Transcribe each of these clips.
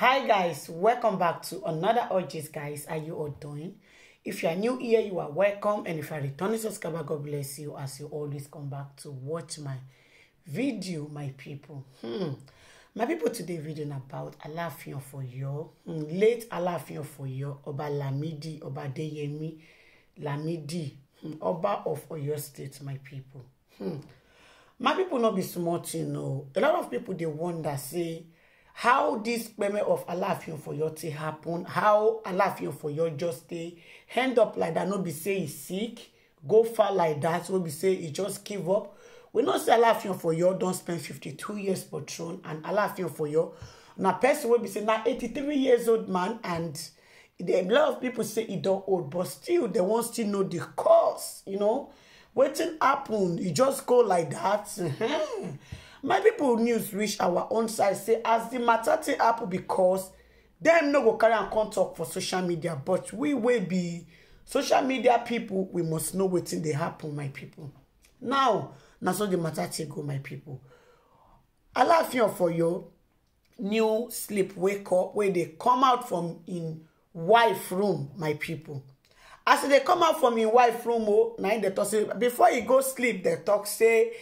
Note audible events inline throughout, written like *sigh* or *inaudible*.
hi guys welcome back to another urges guys are you all doing if you are new here you are welcome and if you are returning subscriber god bless you as you always come back to watch my video my people hmm. my people today video about alafion for you. hmm. late alafion for you. Ọba Lamidi Ọba Adeyemi Lamidi hmm. Ọba of Oyo state my people hmm. my people not be smart, you know. a lot of people dey wonder say how this payment of Alaafin Ofoyo take happen how Alaafin Ofoyo just dey Hand up like that no be say e sick go far like that no be say e just give up we know say for Ofoyo don't spend 52 years for throne and for Ofoyo Now person will be say now 83 years old man and a lot of people say he don't old but still they wan still know the cause you know wetin happened? e just go like that *laughs* hmm my people, news reach our own side say as the matter thing happen because them no go carry and come tok for social media but we will be social media people. we must know wetin they happen my people. now now, so the matter take go my people. pipo alaafin for your new sleep wake up where they come out from in wife room my people. as they e come out from in wife room oh, now im dey tok say before e go sleep they talk say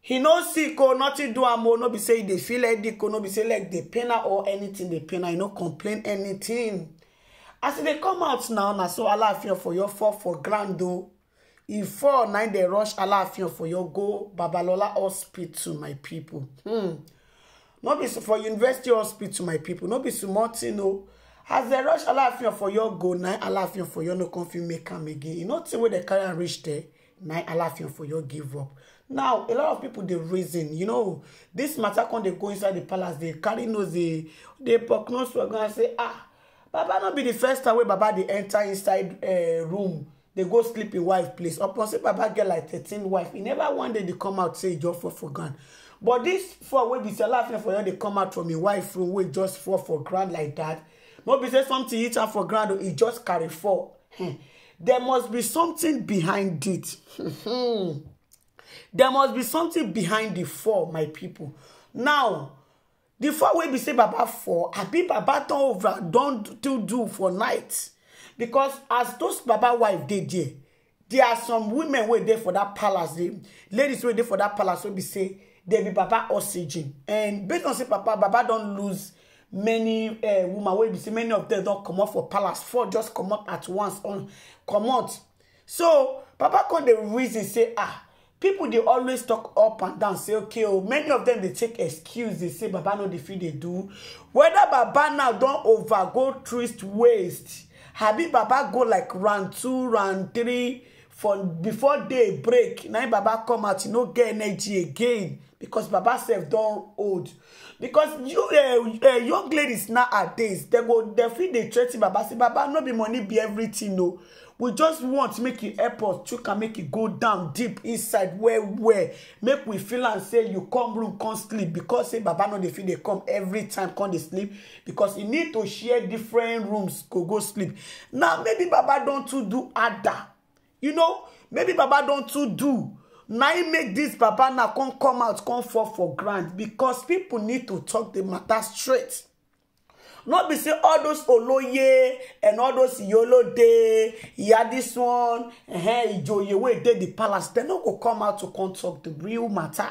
he no sick or nothing do am o no be say e dey feel headache o no be say leg dey pain am or anything dey pain am e no complain anything as e dey come out now na so alaafin for your fall for ground o e fall na dey rush alaafin for your go babalola hospital my people hmm. no be for university hospital my people no be small thing o as dem rush alaafin for your go na alaafin for your no come fit make am again e no thing wey dem carry am reach there na alaafin for your give up now a lot of people they reason you know this matter con they go inside the palace they carry nose dey poke nose for ground say ah baba not be the first time wey baba they enter inside eh, room they go sleep in wife place upon say baba get like 13 wife he never one day they come out say e just fall for ground but this four wey be say laughing for you they come out from im wife room with just fall for grand like that. no be say something each am for ground o e just carry four. Hmm. there must be something behind it *laughs* hmm there must be something behind the four, my people now the four wey be say baba fall abi baba turn over don't too do for night because as those baba wife dey there there are some women were there for that palace dey ladies were there for that palace wey be say they be baba oxygen and based on say papa baba don't lose many uh, women we be say many of them don't come up for palace four just come up at once on come comot so papa come the reason say ah people they always talk up and down say okay oh, many of them they take excuse They say baba no dey fit dey do whether baba now don't over go twist waist abi baba go like round two round three for before day break na baba come out You no get energy again because baba sef don't old because you eh, eh, young ladies nowadays They go They feel they threa baba say baba no be money be everything o oh we just want make you help us chuka make you go down deep inside well well make we feel am say you come room come sleep because say baba no dey fit dey come every time come dey sleep because e need to share different rooms go go sleep now maybe baba don too do ada you know maybe baba don too do na im make this baba na come come out come fall for ground because people need to talk the matter straight not be say all those oloye and all those iyolode iya this one eh, eh, ijoye wey dey the palace dem no go come out to come talk the real matter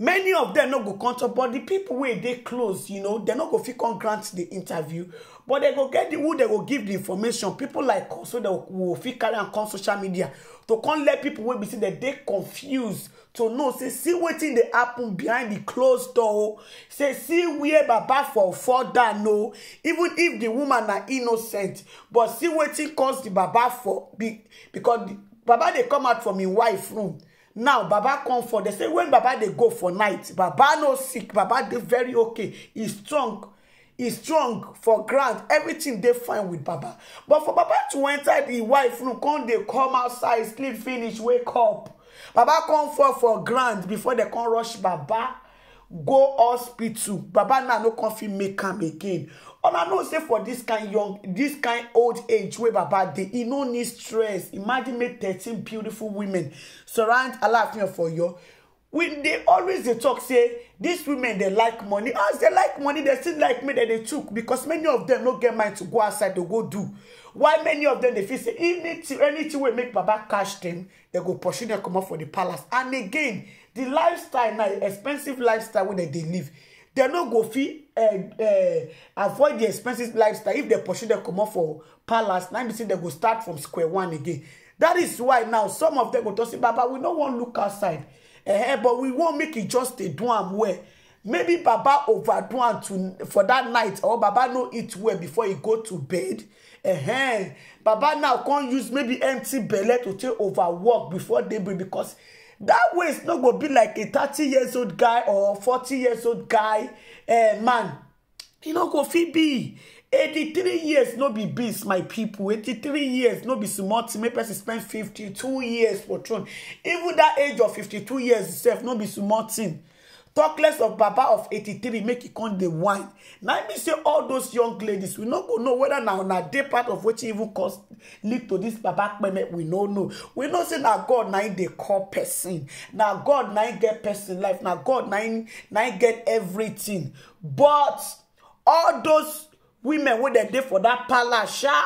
many of them no go contact but the people where they close you know dem not go fit grant the interview but they go get the who they go give the information People like so they will fit carry am come social media to come let people wey be see dem they confused to know say see what thing they happen behind the closed door oh. say see where baba for fall down no oh. even if the woman are innocent but see what thing cause the baba for because baba they come out from his wife room now baba come for. They say when baba they go for night baba no sick baba they very okay e strong e strong for ground everything they fine with baba but for baba to enter the wife room come they come outside sleep finish wake up baba come for for ground before they come rush baba go hospital baba now no come fit make am again una know say for this kind young this kind old age wey baba dey e no need stress imagine make 13 beautiful women surround alaafin for oyo we dey always dey talk say dis women dey like money as dey like money dem still like me dem dey chook because many of dem no get mind to go outside to go do while many of dem dey feel say anything wey make baba catch dem dem go pursue dem comot for di palace and again di lifestyle na expensive lifestyle wey dem dey live They no go fit eh, eh, avoid the expensive lifestyle if they pursue dem comot for palace na im be say dem go start from square one again That is why now some of them go talk say baba we no wan look outside eh but we wan make e just dey do am well maybe baba overdo am for that night or baba no eat well before e go to bed eh, eh. baba now con use maybe empty belle to take overwork before daybreak because that waist no go be like a thirty years old guy or forty years old guy eh, man e no go fit be eighty-three years no be beast my pipo three years no be small thing make person spend two years for throne even that age of fifty-two years itself, no be small thing talk of baba of 83 make e come dey whine na im mean say all those young ladies we no go know whether na na dey part of wetin even cause lead to this baba kpeme we no know we know say na god na im dey call person na god na im get person life na god na im na im get everything but all those women wey dem dey for that palace sha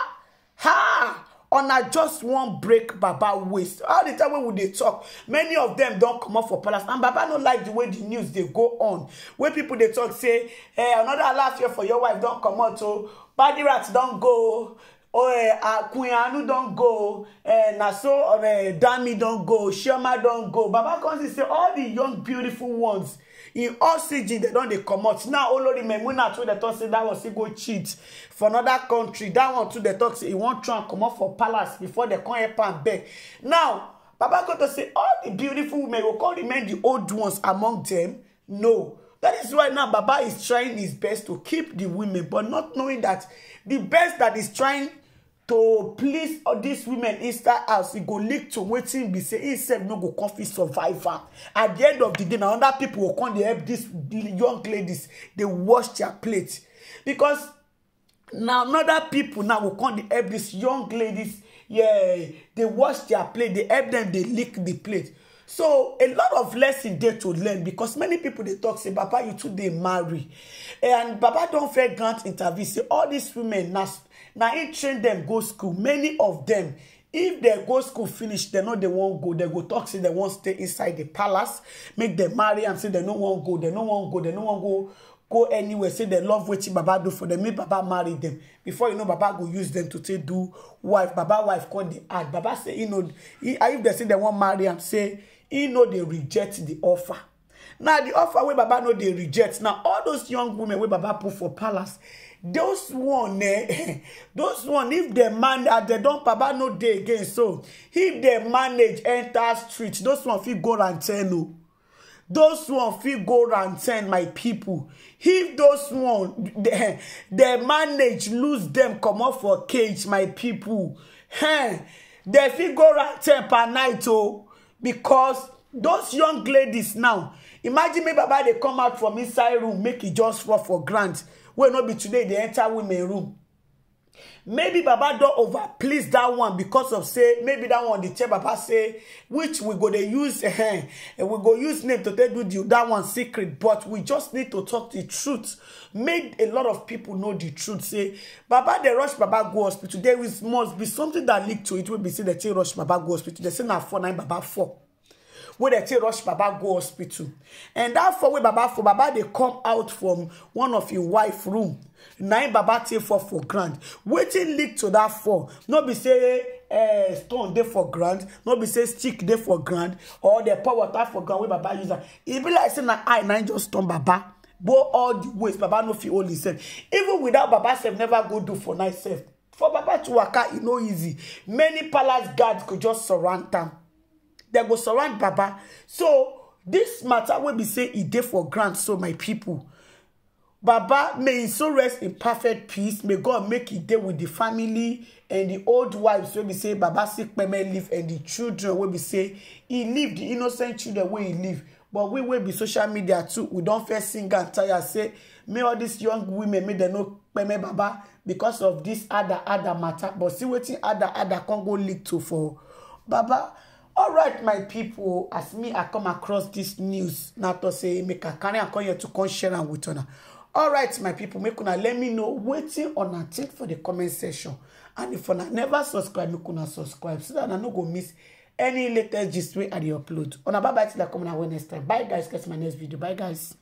ha una just wan break baba waist all the time wey we dey talk? many of dem don comot for palace and baba no like the way the news dey go on wey people dey talk say eh another last year for your wife don comot o badirat don go oh queen anu don go eh, na so eh, dami don go shema don go baba come see say all the young beautiful ones im oxygen don't they come out. now olori memuna too dey talk say that one still go cheat for another country That one too dey talk say e wan try and comot for palace before they come help am beg now baba to say all the beautiful women go come remain the old ones among them. no that is why now baba is trying his best to keep the women but not knowing that the best that is trying to please all these women inside house e go leak to wetin be say him sef no go fit survive am at the end of the day na oda pipo go come dey help these young ladies dey wash their plate because na another people now go come dey help these young ladies yeah dey wash their plate dey help them. dey lick the plate so a lot of lesson dey to learn because many people dey talk say baba you too dey marry and baba don fair grant interview say all these women na na he train them go school many of them, if they go school finish they no they won't go They go talk say they won't stay inside the palace make them marry and say they no wan go They no wan go They no wan go go anywhere say they love wetin baba do for them. make baba marry them before you know baba go use them to take do wife baba wife come the ad. baba say e no if they say they wan marry and say he know they reject the offer now the offer wey baba no they reject now all those young women wey baba put for palace those one eh *laughs* those one if the man as ah, dem don't baba no they again so if they manage enter street those one fit go and tell o oh. those one fit go and ten my people if those one *laughs* they manage lose them come off for cage my people Hey, eh, they fit go and ten per night oh because those young ladies now imagine make baba dey come out from inside room make e just fall for ground wey no be today dey enter women room maybe baba don over please that one because of say maybe that one dey tell baba say which we go dey use *laughs* eh, eh, we go use name to take do that one secret but we just need to talk the truth make a lot of people know the truth say baba dey rush baba go hospital there is must be something that leak to it wey be say dem take rush baba go hospital dem say na four nine baba four wey dem take rush baba go hospital and dat for wey baba for baba they come out from one of your wife room na baba take for for ground waiting lead to that fall no be say eh, stone there for ground no be say stick there for ground or the pour water for ground We baba use that. e be like say na I na just stone baba go all the ways baba no fit only himself even without baba sef never go do for night sef for baba to work out, e no easy many palace guards could just surround them. They go surround baba so this matter will be say e dey for ground so my people, baba may e so rest in perfect peace may god make e dey with the family and the old wives Will be say baba sick. may live and the children will be say he live the innocent children wey he live. but we will be social media too we don't face single and tire say may all these young women make dem no peme baba because of this other other matter but see wetin other other con go leak to for baba All right, my people. as me i come across this news na to say make a carry and come here to come share am with una right, my people. make una let me know Waiting on a think for the comment section and if una never subscribe make una subscribe so that I no go miss any latest gist wey i dey upload una bye bye till i come una next time bye guys catch my next video bye guys